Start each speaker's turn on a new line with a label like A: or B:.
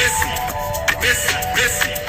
A: Missy, Missy, Missy.